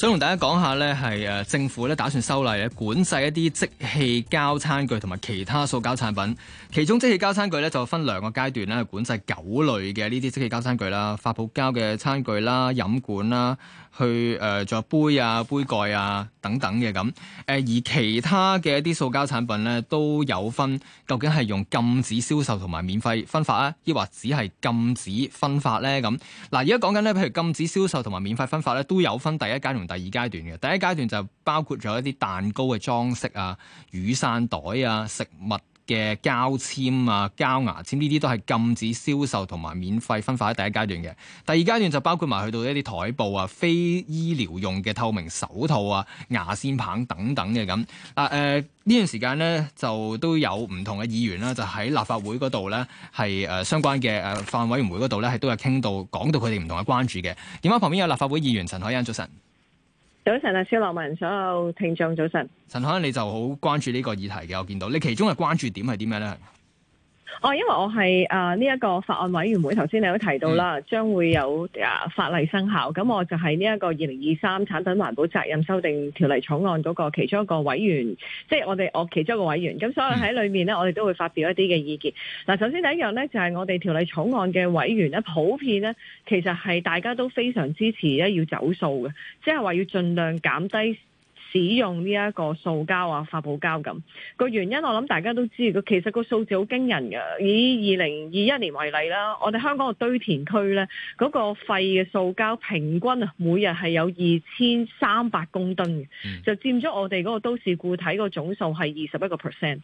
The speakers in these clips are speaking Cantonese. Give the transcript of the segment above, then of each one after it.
想同大家講下咧，係誒政府咧打算修例咧，管制一啲即棄膠餐具同埋其他塑膠產品。其中即棄膠餐具咧就分兩個階段咧，管制九類嘅呢啲即棄膠餐具啦、發泡膠嘅餐具啦、飲管啦，去誒仲、呃、有杯啊、杯蓋啊等等嘅咁。誒而其他嘅一啲塑膠產品咧都有分，究竟係用禁止銷售同埋免費分發啊，抑或只係禁止分發咧咁？嗱，而家講緊咧，譬如禁止銷售同埋免費分發咧，都有分第一階段。第二階段嘅第一階段就包括咗一啲蛋糕嘅裝飾啊、雨傘袋啊、食物嘅膠籤啊、膠牙籤呢啲都係禁止銷售同埋免費分發喺第一階段嘅。第二階段就包括埋去到一啲台布啊、非醫療用嘅透明手套啊、牙線棒等等嘅咁啊。誒、呃、呢段時間呢，就都有唔同嘅議員啦、啊，就喺立法會嗰度呢，係誒、呃、相關嘅誒範委員會嗰度呢，係都有傾到講到佢哋唔同嘅關注嘅。點解旁邊有立法會議，議員陳凱欣早晨？早晨啊，肖樂文，所有聽眾早晨。凱欣，你就好關注呢個議題嘅，我見到你其中嘅關注點係啲咩咧？哦，因為我係誒呢一個法案委員會，頭先你都提到啦，將會有啊、呃、法例生效，咁我就係呢一個二零二三產品環保責任修訂條例草案嗰個其中一個委員，即係我哋我其中一個委員，咁所以喺裏面呢，我哋都會發表一啲嘅意見。嗱、呃，首先第一樣呢，就係、是、我哋條例草案嘅委員呢，普遍呢，其實係大家都非常支持咧要走塑嘅，即係話要盡量減低。使用呢一個塑膠啊、發泡膠咁個原因，我諗大家都知。個其實個數字好驚人嘅，以二零二一年為例啦，我哋香港堆個堆填區咧嗰個廢嘅塑膠平均啊每日係有二千三百公噸嘅，就佔咗我哋嗰個都市固體個總數係二十一個 percent。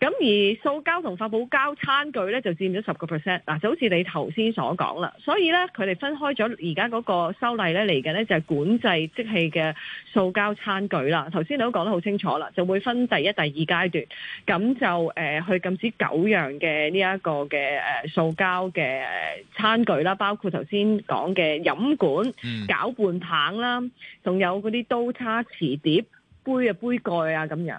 咁而塑膠同發泡膠餐具咧就佔咗十個 percent。嗱，就好似你頭先所講啦，所以咧佢哋分開咗而家嗰個修例咧嚟緊咧就係管制即棄嘅塑膠餐具。啦，頭先你都講得好清楚啦，就會分第一、第二階段，咁就誒、呃、去禁止九樣嘅呢一個嘅誒、呃、塑膠嘅、呃、餐具啦，包括頭先講嘅飲管、攪拌棒啦，仲有嗰啲刀叉、匙碟、杯，杯蓋啊、杯蓋啊咁樣。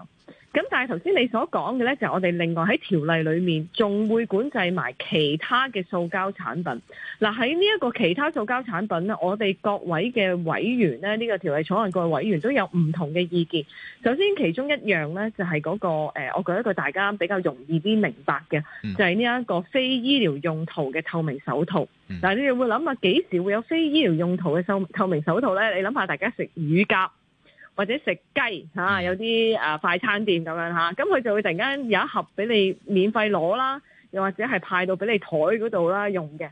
咁但係頭先你所講嘅呢，就係我哋另外喺條例裏面仲會管制埋其他嘅塑膠產品。嗱喺呢一個其他塑膠產品呢，我哋各位嘅委員呢，呢、呢個條例草案各位委員都有唔同嘅意見。首先其中一樣呢、那個，就係嗰個我舉一個大家比較容易啲明白嘅，嗯、就係呢一個非醫療用途嘅透明手套。嗱、嗯、你哋會諗下，幾時會有非醫療用途嘅透透明手套呢？你諗下，大家食乳鴿。或者食雞吓，有啲誒快餐店咁樣吓，咁佢就會突然間有一盒俾你免費攞啦，又或者係派到俾你台嗰度啦用嘅。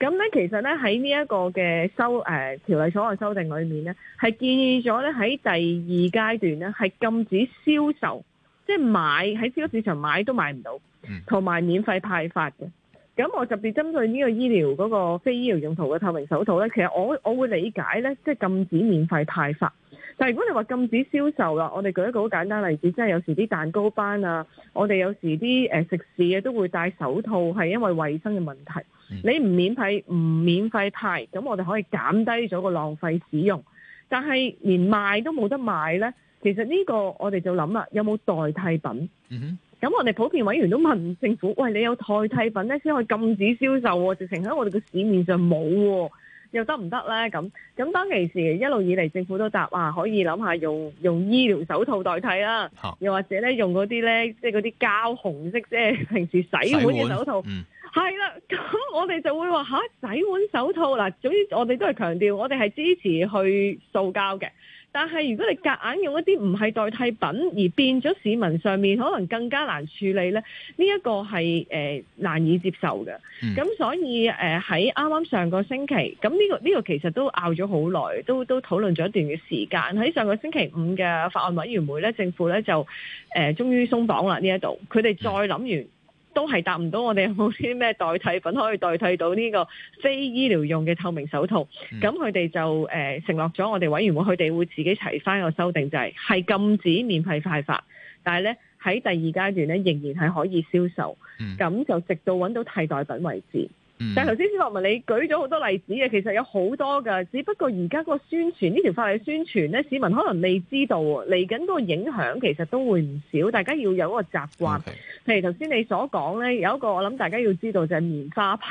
咁咧、嗯，其實咧喺呢一個嘅、呃、修、誒條例草案修訂裏面咧，係建議咗咧喺第二階段咧係禁止銷售，即係買喺超級市場買都買唔到，同埋、嗯、免費派發嘅。咁我特別針對呢個醫療嗰個非醫療用途嘅透明手套咧，其實我我會理解咧，即係禁止免費派發。但如果你話禁止銷售啦，我哋舉一個好簡單例子，即係有時啲蛋糕班啊，我哋有時啲誒食肆嘅都會戴手套，係因為衞生嘅問題。你唔免費唔免費派，咁我哋可以減低咗個浪費使用。但係連賣都冇得賣呢，其實呢個我哋就諗啦，有冇代替品？咁，嗯哼，我哋普遍委員都問政府：喂，你有代替品呢，先可以禁止銷售喎，直情喺我哋嘅市面上冇喎。又得唔得呢？咁咁當其時一路以嚟，政府都答話可以諗下用用，用醫療手套代替啦，啊、又或者咧用嗰啲咧即係嗰啲膠紅色即係平時洗碗嘅手套，係啦。咁、嗯、 我哋就會話吓、啊，洗碗手套嗱，總之我哋都係強調，我哋係支持去塑膠嘅。但係，如果你夾硬用一啲唔係代替品而變咗市民上面，可能更加難處理咧。呢、這、一個係誒、呃、難以接受嘅。咁、嗯、所以誒喺啱啱上個星期，咁呢、這個呢、這個其實都拗咗好耐，都都討論咗一段嘅時間。喺上個星期五嘅法案委員會咧，政府咧就誒、呃、終於鬆綁啦呢一度。佢哋再諗完。嗯都係答唔到我哋有冇啲咩代替品可以代替到呢個非醫療用嘅透明手套，咁佢哋就誒、呃、承諾咗我哋委員會，佢哋會自己提返個修訂，就係、是、係禁止免費派發，但係呢喺第二階段呢仍然係可以銷售，咁、嗯、就直到揾到替代品為止。嗯、但係頭先司徒文，你舉咗好多例子嘅，其實有好多嘅，只不過而家個宣傳呢條法例宣傳咧，市民可能未知道，嚟緊個影響其實都會唔少，大家要有一個習慣。Okay. 譬如頭先你所講咧，有一個我諗大家要知道就係棉花棒，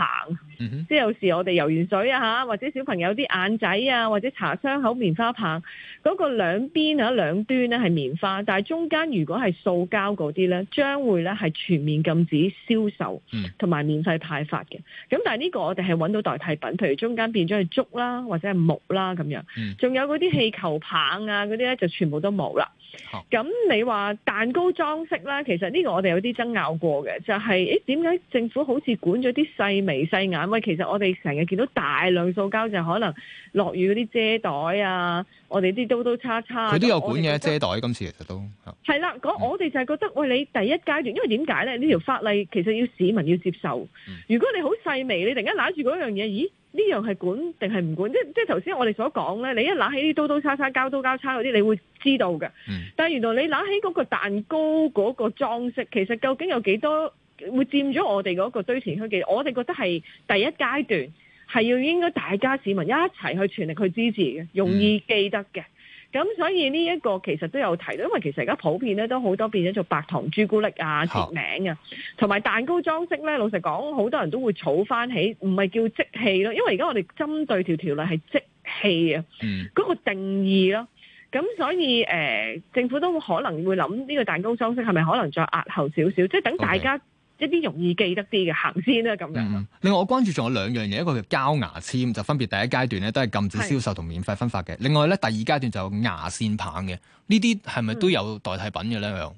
即係、嗯、哼有時我哋游完水啊嚇，或者小朋友啲眼仔啊，或者搽傷口棉花棒嗰、那個兩邊啊兩端咧係棉花，但係中間如果係塑膠嗰啲咧，將會咧係全面禁止銷售同埋免費派發嘅。咁、嗯但係呢個我哋係揾到代替品，譬如中間變咗係竹啦，或者係木啦咁樣，仲 有嗰啲氣球棒啊嗰啲咧，就全部都冇啦。咁、嗯、你話蛋糕裝飾咧，其實呢個我哋有啲爭拗過嘅，就係誒點解政府好似管咗啲細眉細眼？喂，其實我哋成日見到大量塑膠，就可能落雨嗰啲遮袋啊，我哋啲刀刀叉叉，叉，佢都有管嘅遮袋。今次其實都係啦，我哋就係覺得喂、哎，你第一階段，因為點解咧？呢條法例其實要市民要接受，如果你好細眉，你突然間拿住嗰樣嘢，咦？呢樣係管定係唔管？即即頭先我哋所講呢，你一揦起啲刀刀叉叉、交刀交叉嗰啲，你會知道嘅。嗯、但係原來你揦起嗰個蛋糕嗰個裝飾，其實究竟有幾多會佔咗我哋嗰個堆填區嘅？我哋覺得係第一階段係要應該大家市民一齊去全力去支持嘅，容易記得嘅。嗯嗯咁所以呢一個其實都有提到，因為其實而家普遍咧都好多變咗做白糖朱古力啊、切名啊，同埋蛋糕裝飾咧，老實講好多人都會儲翻起，唔係叫即棄咯，因為而家我哋針對條條例係即棄啊，嗰、嗯、個定義咯。咁所以誒、呃，政府都可能會諗呢個蛋糕裝飾係咪可能再壓後少少，即係等大家。Okay. 一啲容易記得啲嘅行先啦，咁樣、嗯。另外我關注仲有兩樣嘢，一個叫膠牙籤，就分別第一階段咧都係禁止銷售同免費分發嘅。是另外咧第二階段就有牙線棒嘅，呢啲係咪都有代替品嘅咧？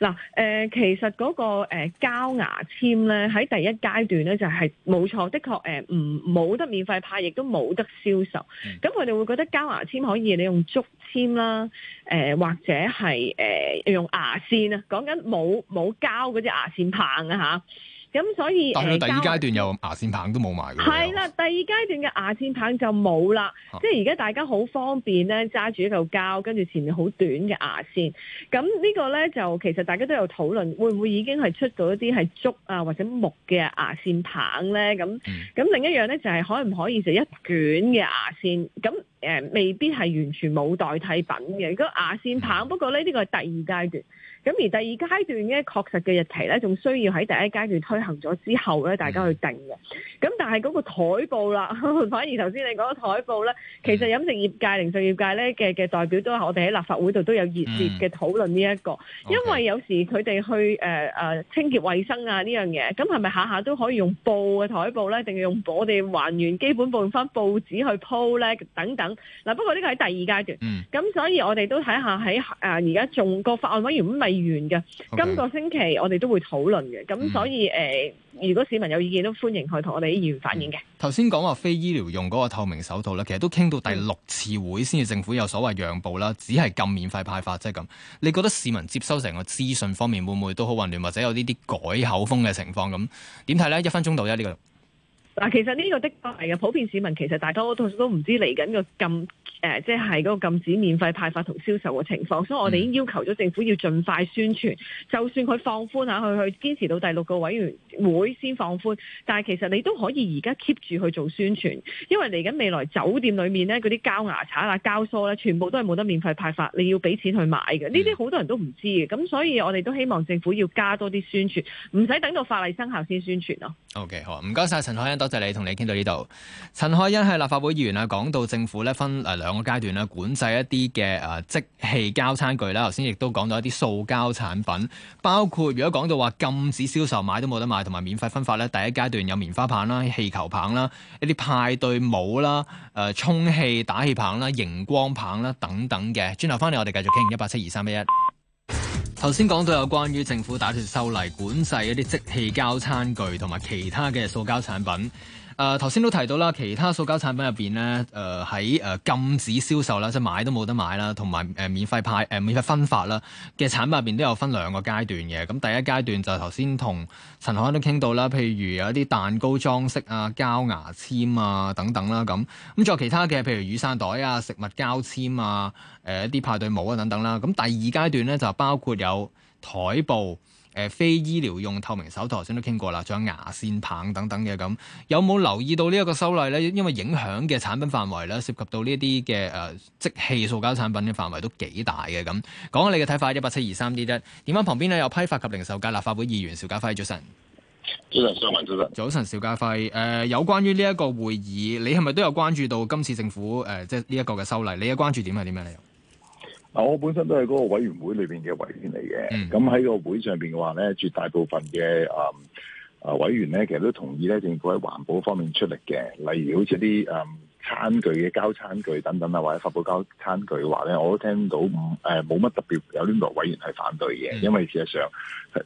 嗱，誒其實嗰個誒膠牙籤咧，喺第一階段咧就係冇錯，的確誒唔冇得免費派，亦都冇得銷售。咁佢哋會覺得膠牙籤可以你用竹籤啦，誒、呃、或者係誒、呃、用牙線啊，講緊冇冇膠嗰啲牙線棒啊嚇。咁、嗯、所以，第二階段有牙線棒都冇埋嘅。係啦， 第二階段嘅牙線棒就冇啦。啊、即係而家大家好方便咧，揸住一嚿膠，跟住前面好短嘅牙線。咁呢個咧就其實大家都有討論，會唔會已經係出到一啲係竹啊或者木嘅牙線棒咧？咁咁、嗯、另一樣咧就係、是、可唔可以就一卷嘅牙線？咁誒、呃，未必係完全冇代替品嘅。個牙線棒、嗯、不過呢啲個係第二階段。咁而第二階段嘅確實嘅日期咧，仲需要喺第一階段推行咗之後咧，大家去定嘅。咁、嗯、但係嗰個台布啦，反而頭先你講嘅台布呢，其實飲食業界、零售業界咧嘅嘅代表都係我哋喺立法會度都有熱烈嘅討論呢、這、一個。嗯 okay. 因為有時佢哋去誒誒、呃、清潔衞生啊呢樣嘢，咁係咪下下都可以用布嘅台布呢？定係用我哋還原基本步用翻報紙去鋪呢？等等？嗱，不過呢個喺第二階段，咁、嗯、所以我哋都睇下喺誒而家仲個法案委員唔係？源嘅，今個星期我哋都會討論嘅，咁 Okay. 所以誒、mm hmm. 呃，如果市民有意見都歡迎去同我哋啲議員反映嘅。頭先講話非醫療用嗰個透明手套咧，其實都傾到第六次會先至政府有所謂讓步啦，只係禁免費派發，即係咁。你覺得市民接收成個資訊方面會唔會都好混亂，或者有呢啲改口風嘅情況咁？點睇呢？一分鐘到一呢個。嗱，其實呢個的確係嘅，普遍市民其實大多數都唔知嚟緊個禁，誒、呃，即係嗰個禁止免費派發同銷售嘅情況，所以我哋已經要求咗政府要盡快宣傳。就算佢放寬嚇，去，去堅持到第六個委員會先放寬，但係其實你都可以而家 keep 住去做宣傳，因為嚟緊未來酒店裡面呢嗰啲膠牙刷啊、膠梳呢，全部都係冇得免費派發，你要俾錢去買嘅。呢啲好多人都唔知嘅，咁所以我哋都希望政府要加多啲宣傳，唔使等到法例生效先宣傳咯。OK，好，唔該曬陳凱欣，多謝你同你傾到呢度，陳凱欣係立法會議員啊，講到政府咧分誒兩個階段啦，管制一啲嘅誒即棄膠餐具啦，頭先亦都講到一啲塑膠產品，包括如果講到話禁止銷售買都冇得買，同埋免費分發咧，第一階段有棉花棒啦、氣球棒啦、一啲派對帽啦、誒、呃、充氣打氣棒啦、熒光棒啦等等嘅，轉頭翻嚟我哋繼續傾一八七二三一一。 頭先講到有關於政府打算修例管制一啲即棄膠餐具同埋其他嘅塑膠產品。誒頭先都提到啦，其他塑膠產品入邊咧，誒喺誒禁止銷售啦，即係買都冇得買啦，同埋誒免費派、誒、呃、免費分發啦嘅產品入邊都有分兩個階段嘅。咁第一階段就頭先同陳凱欣都傾到啦，譬如有一啲蛋糕裝飾啊、膠牙籤啊等等啦咁。咁仲有其他嘅，譬如雨傘袋啊、食物膠籤啊、誒、呃、一啲派對帽啊等等啦。咁第二階段咧就包括有台布。誒非醫療用透明手套，頭先都傾過啦，仲有牙線棒等等嘅咁，有冇留意到呢一個修例呢？因為影響嘅產品範圍咧，涉及到呢啲嘅誒即棄塑膠產品嘅範圍都幾大嘅咁。講下你嘅睇法，一八七二三點一。點翻旁邊呢，有批發及零售界立法會議員邵家輝早晨，早晨，早晨市民早早晨邵家輝誒，有關於呢一個會議，你係咪都有關注到今次政府誒、呃、即係呢一個嘅修例？你嘅關注點係點樣嚟？我本身都係嗰個委員會裏邊嘅委員嚟嘅，咁喺個會上邊嘅話咧，絕大部分嘅啊啊委員咧，其實都同意咧，政府喺環保方面出力嘅，例如好似啲啊、呃餐具嘅膠餐具等等啊，或者發泡膠餐具嘅話咧，我都聽到唔誒冇乜特別有啲委員係反對嘅，因為事實上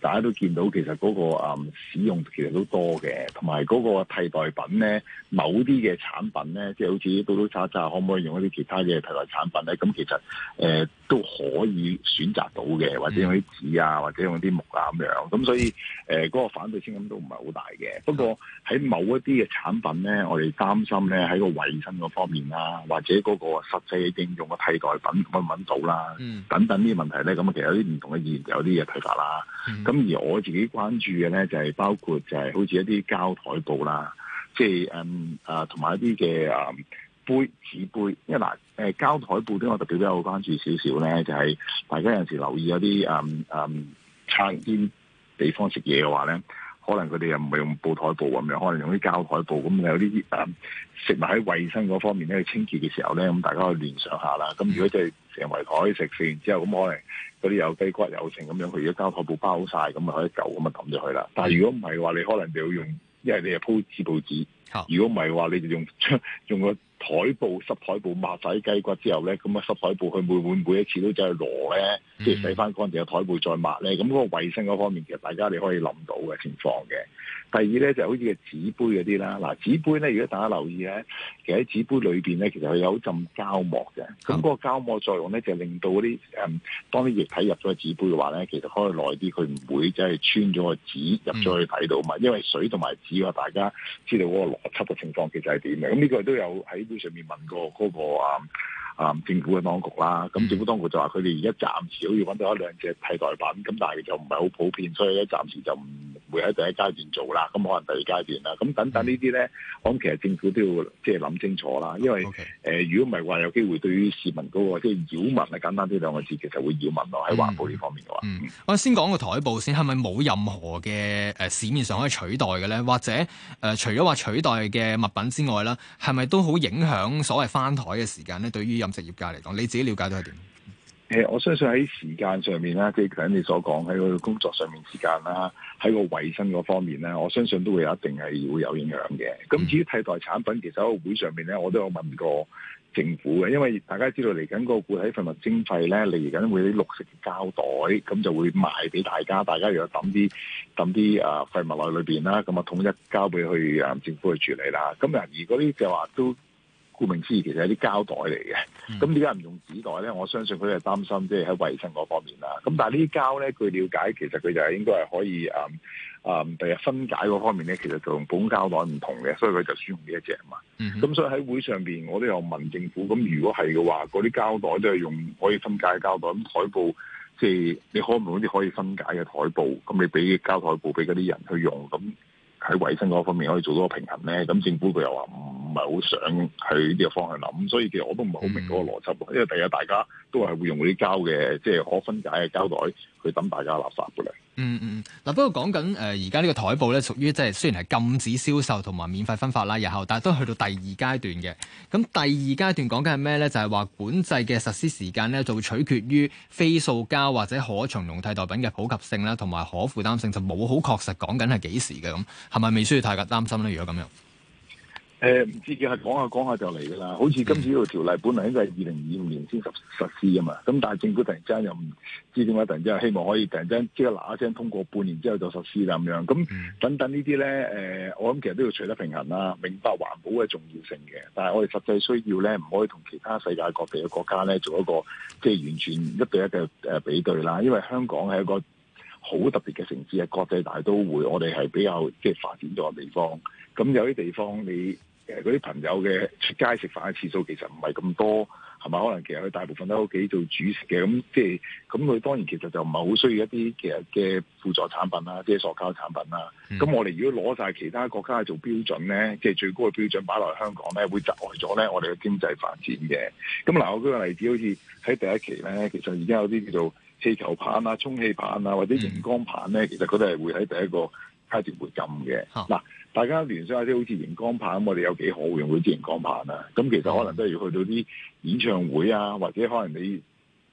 大家都見到其實嗰、那個、嗯、使用其實都多嘅，同埋嗰個替代品咧，某啲嘅產品咧，即係好似刀刀叉叉，可唔可以用一啲其他嘅替代產品咧？咁其實誒、呃、都可以選擇到嘅，或者用啲紙啊，或者用啲木啊咁樣。咁所以誒嗰、呃那個反對聲音都唔係好大嘅。不過喺某一啲嘅產品咧，我哋擔心咧喺個衞生。嗰方面啊，或者嗰個實際應用嘅替代品搵唔搵到啦，等等呢啲問題咧，咁其實有啲唔同嘅意見，有啲嘢睇法啦。咁、嗯、而我自己關注嘅咧，就係包括就係好似一啲膠枱布啦，即、就、係、是、嗯啊，同埋一啲嘅啊杯紙杯，因為嗱誒、呃、膠枱布咧，我特別比較關注少少咧，就係、是、大家有時留意有啲嗯嗯餐廳地方食嘢嘅話咧。可能佢哋又唔係用布台布咁樣，可能用啲膠台布咁有啲，誒、嗯，食物喺衛生嗰方面咧，去清潔嘅時候咧，咁大家可以聯想下啦。咁如果即係成圍台食完之後，咁可能嗰啲有雞骨有剩咁樣，佢如果膠台布包晒，咁咪可以舊咁咪抌咗佢啦。但係如果唔係嘅話，你可能就要用，因為你又鋪紙報紙，如果唔係嘅話，你就用用個台布濕台布抹晒啲雞骨之後咧，咁啊濕台布佢會唔會，每每一次都就係攞咧。即係、mm hmm. 洗翻乾淨嘅台布再抹咧，咁嗰個衛生嗰方面其實大家你可以諗到嘅情況嘅。第二咧就係、好似個紙杯嗰啲啦，嗱紙杯咧，如果大家留意咧，其實喺紙杯裏邊咧，其實佢有浸膠膜嘅，咁嗰個膠膜作用咧就係、令到嗰啲誒當啲液體入咗個紙杯嘅話咧，其實可以耐啲，佢唔會即係穿咗個紙入咗去睇到嘛，mm hmm. 因為水同埋紙嘅大家知道嗰個邏輯嘅情況其實係點嘅，咁呢個都有喺杯上面問過嗰、嗰個啊。嗯政府嘅當局啦，咁、嗯、政府當局就話佢哋而家暫時好似揾到一兩隻替代品，咁但係就唔係好普遍，所以暫時就唔會喺第一階段做啦。咁可能第二階段啦，咁等等呢啲咧，我諗、嗯、其實政府都要即係諗清楚啦，因為誒，如果唔係話有機會對於市民嗰個即係擾民，咪簡單啲兩個字，其實會擾民咯喺環保呢方面嘅話、嗯嗯。我先講個台布先，係咪冇任何嘅誒市面上可以取代嘅咧？或者誒、呃，除咗話取代嘅物品之外啦，係咪都好影響所謂翻台嘅時間呢？對於飲食業界嚟講，你自己了解到係點？誒、欸，我相信喺時間上面啦，即係頭先你所講喺個工作上面時間啦，喺個衛生嗰方面咧，我相信都會有一定係會有影響嘅。咁至於替代產品，其實喺個會上面咧，我都有問過政府嘅，因為大家知道嚟緊嗰個固體廢物徵費咧，嚟緊會啲綠色膠袋，咁就會賣俾大家，大家如果抌啲抌啲誒廢物落去裏邊啦，咁啊統一交俾去誒政府去處理啦。咁但係如果呢就話都。顧名思義，其實係啲膠袋嚟嘅。咁點解唔用紙袋咧？我相信佢係擔心即係喺衞生嗰方面啦。咁但係呢啲膠咧，據了解其實佢就係應該係可以誒誒，第日分解嗰方面咧，其實同、嗯嗯、本膠袋唔同嘅，所以佢就選用呢一隻嘛。咁、mm hmm。所以喺會上邊，我都有問政府，咁如果係嘅話，嗰啲膠袋都係用可以分解嘅膠袋。咁枱布即係你可唔可以啲可以分解嘅枱布？咁你俾膠枱布俾嗰啲人去用，咁喺衞生嗰方面可以做到個平衡咧。咁政府佢又話。唔係好想去呢個方向諗，所以其實我都唔係好明嗰個邏輯、嗯、因為第日大家都係會用嗰啲膠嘅，即、就、係、是、可分解嘅膠袋去等大家垃圾嘅咧、嗯。嗯嗯，嗱、啊、不過講緊誒，而、呃、家呢個枱布咧，屬於即係雖然係禁止銷售同埋免費分發啦，然後但係都去到第二階段嘅。咁第二階段講緊係咩咧？就係、是、話管制嘅實施時間咧，就會取決於非塑膠或者可重用替代，代品嘅普及性啦，同埋可負擔性，就冇好確實講緊係幾時嘅咁，係咪未需要太過擔心咧？如果咁樣？誒，唔、呃、知佢係講下講下就嚟㗎啦，好似今次呢個條例本嚟應該係二零二五年先實實施㗎嘛，咁但係政府突然之間又唔知點解突然之間希望可以突然之間立即係嗱一聲通過，半年之後就實施咁樣，咁等等呢啲咧，誒、呃，我諗其實都要取得平衡啦，明白環保嘅重要性嘅，但係我哋實際需要咧，唔可以同其他世界各地嘅國家咧做一個即係、就是、完全一對一嘅誒比對啦，因為香港係一個好特別嘅城市，係國際大都會，我哋係比較即係、就是、發展咗嘅地方，咁有啲地方你。誒嗰啲朋友嘅出街食飯嘅次數其實唔係咁多，係咪？可能其實佢大部分都喺屋企做主食嘅，咁即係咁佢當然其實就唔係好需要一啲其實嘅輔助產品啦，啲塑膠產品啦。咁我哋如果攞晒其他國家做標準咧，即係最高嘅標準擺落嚟香港咧，會窒礙咗咧我哋嘅經濟發展嘅。咁嗱，我舉個例子，好似喺第一期咧，其實而家有啲叫做氣球棒啊、充氣棒啊或者熒光棒咧，其實佢都係會喺第一個階段會禁嘅。嗱、啊。大家聯想下啲好似熒光棒咁，我哋有幾可會用到啲熒光棒啊？咁其實可能都係要去到啲演唱會啊，或者可能你。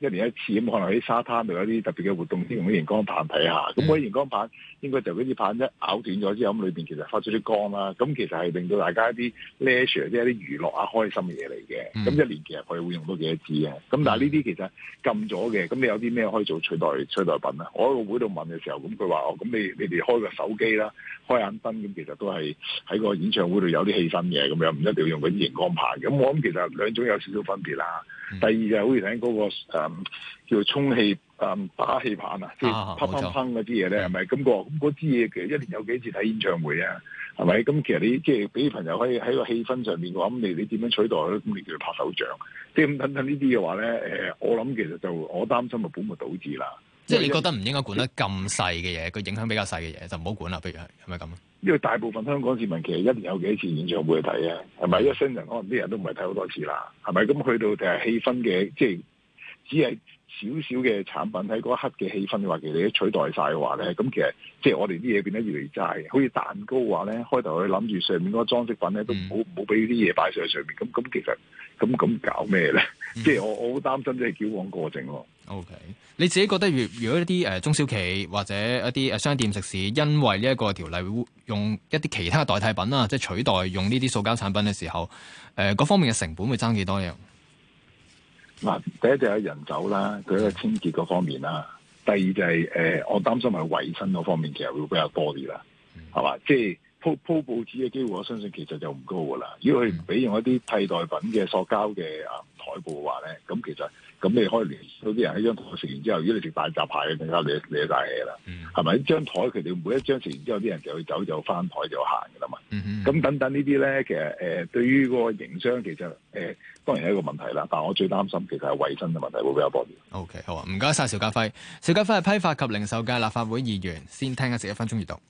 一年一次咁，可能喺沙灘度有啲特別嘅活動先用啲熒光棒睇下。咁嗰啲熒光棒應該就嗰啲棒一咬斷咗之後，咁裏邊其實發出啲光啦。咁其實係令到大家一啲 leisure，即係一啲娛樂啊、開心嘅嘢嚟嘅。咁、嗯、一年其實佢會用到幾多次嘅？咁但係呢啲其實禁咗嘅。咁你有啲咩可以做取代取代品咧？我喺個會度問嘅時候，咁佢話：哦，咁你你哋開個手機啦，開眼燈咁，其實都係喺個演唱會度有啲氣氛嘅咁樣，唔一定要用嗰啲熒光棒。咁我諗其實兩種有少少分別啦。嗯、第二就好似睇嗰個、呃嗯、叫充氣誒打氣棒啊，即係砰砰砰嗰啲嘢咧，係咪咁？我咁嗰啲嘢嘅，嗰個嗰個，其實一年有幾次睇演唱會啊？係咪？咁其實你即係俾朋友可以喺個氣氛上面嘅話，咁你你點樣取代，咁你叫佢拍手掌，即係咁等等呢啲嘅話咧？誒，我諗其實就我擔心嘅本末倒置啦。即係你覺得唔應該管得咁細嘅嘢，個、嗯、影響比較細嘅嘢就唔好管啦。譬如係咪咁？係，係因為大部分香港市民其實一年有幾次演唱會去睇啊？係咪？一生人可能啲人都唔係睇好多次啦。係咪？咁去到就誒氣氛嘅即係。係只係少少嘅產品喺嗰一刻嘅氣氛話，話其實你取代晒嘅話咧，咁其實即係、就是、我哋啲嘢變得越嚟越貴。好似蛋糕話咧，開頭去諗住上面嗰個裝飾品咧都唔好唔好俾啲嘢擺上去上面，咁咁其實咁咁搞咩咧？即係、嗯、我我好擔心即係矯枉過正。O、okay. K，你自己覺得如如果一啲誒中小企或者一啲誒商店食肆，因為呢一個條例用一啲其他代替品啦，即、就、係、是、取代用呢啲塑膠產品嘅時候，誒嗰方面嘅成本會爭幾多咧？嗱，第一就係人走啦，佢一個清潔嗰方面啦。第二就係、是、誒、呃，我擔心係衞生嗰方面，其實會比較多啲啦，係嘛、嗯？即係鋪鋪報紙嘅機會，我相信其實就唔高噶啦。如果佢唔俾用一啲替代品嘅塑膠嘅啊、嗯、台布嘅話咧，咁其實咁你可以聯想到啲人喺張台食完之後，如果你食大閘蟹嘅，你搞瀨瀨曬嘢啦，係咪、嗯？一張台佢哋每一張食完之後，啲人就走就翻台就行噶啦嘛。咁、嗯嗯、等等呢啲咧，其實誒對於個營商其實誒。呃呃呃呃呃呃呃呃當然係一個問題啦，但我最擔心其實係衛生嘅問題會比較多啲。OK，好啊，唔該晒邵家輝。邵家輝係批發及零售界立法會議員，先聽一成一分鐘閱讀。